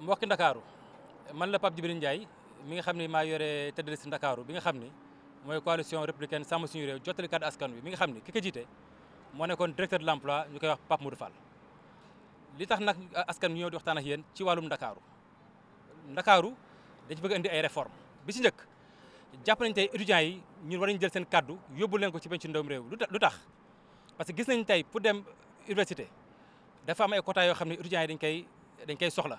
mbokki ndakaaru man la Pape Djibril Ndiaye mi nga xam ne maa yore tête de liste ndakaaru bi nga xam ne mooy coalition républicaine sàmm suñu réew jottali kàddu askan wi mi nga xam ne ki ko jiite moo nekkoon directeur de l' emploi ñu koy wax Pape Modou Fall li tax nag askan wi ñëw di waxtaan ak yéen ci wàllum ndakaaru ndakaaru dañ bëgg indi ay réforme bi ci njëkk jàpp nañ tey étudiants yi ñun war nañ jël seen kàddu yóbbu leen ci pencu ndawum réew lu tax parce que gis nañ tey pour dem université dafa am ay quota yoo xam ne étudiants yi dañ koy dañ koy soxla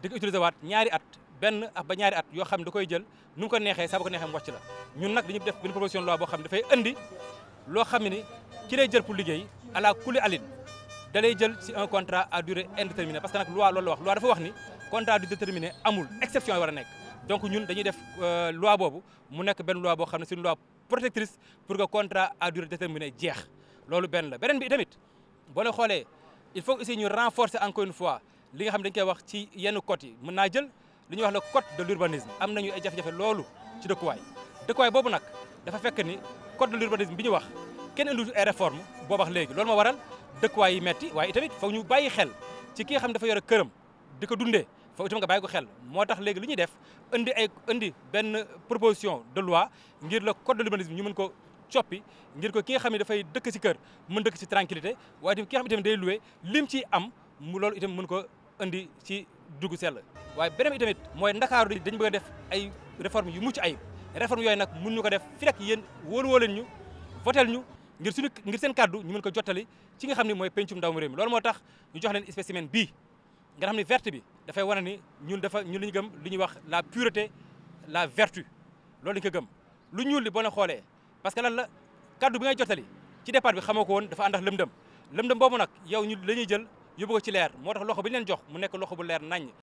di utiliser waat ñaari at benn ak ba ñaari at yoo xam ne da koy jël nu mu ko neexee sa ba ko neexee mu wàcc la ñun nag dañu def benn proposition loi boo xam ne dafay indi loo xam ne ki lay jël pour liggéey la kuli alin da lay jël si un contrat à durée indéterminée parce que nag loi loolu la wax loi dafa wax ni contrat du déterminé amul exception yi war a nekk donc ñun dañuy def euh, loi boobu mu nekk benn loi boo xam ne c'est loi protectrice pour que contrat à durée déterminée jeex loolu benn la beneen bi tamit boo la xoolee il faut aussi ñu renforcer encore une fois li nga xam dañ koy wax ci yenn code yi mën naa jël li ñuy wax le code de l'urbanisme am nañu ay jafe-jafe loolu ci dëkkuwaay dëkkuwaay boobu nag dafa fekk ni code de l'urbanisme bi ñu wax kenn indiwutu ay réforme boo wax léegi loolu moo waral dëkkuwaay yi metti waaye itamit foog ñu bàyyi xel ci ki nga xam dafa yore këram di ko dundee foog itam nga bàyyi ko xel moo tax léegi li ñuy def indi ay indi benn proposition de loi ngir le code de l'urbanisme ñu mën ko coppi ngir ko ki nga xam ne dafay dëkk ci kër mën dëkk ci tranquillité waaye itam ki nga xam itam day loué lim ci am mu loolu itam mën ko indi ci dugg sell waaye beneen itamit mooy ndakaaru dañ bëgg def ay réforme yu mucc ay réforme yooyu nag mun ñu ko def fi rek yéen wóolu woo leen ñu votel ñu ngir suñu seen kaddu ñu mën ko jottali ci nga xam ne mooy pencum ndaw mu mi loolu moo tax ñu jox leen spécimen bii nga xam ne verte bi dafay wane ni ñun dafa ñun li ñu gëm lu ñuy wax la pureté la vertu loolu lañu ko gëm lu ñuul li boo leen xoolee parce que lan la kaddu bi ngay jottali ci départ bi xamoo ko woon dafa ànd ak lëndëm lëndëm boobu nag yow ñu la ñuy jël yóbbu ko ci leer moo tax loxo bi ñu leen jox mu nekk loxo bu leer nañ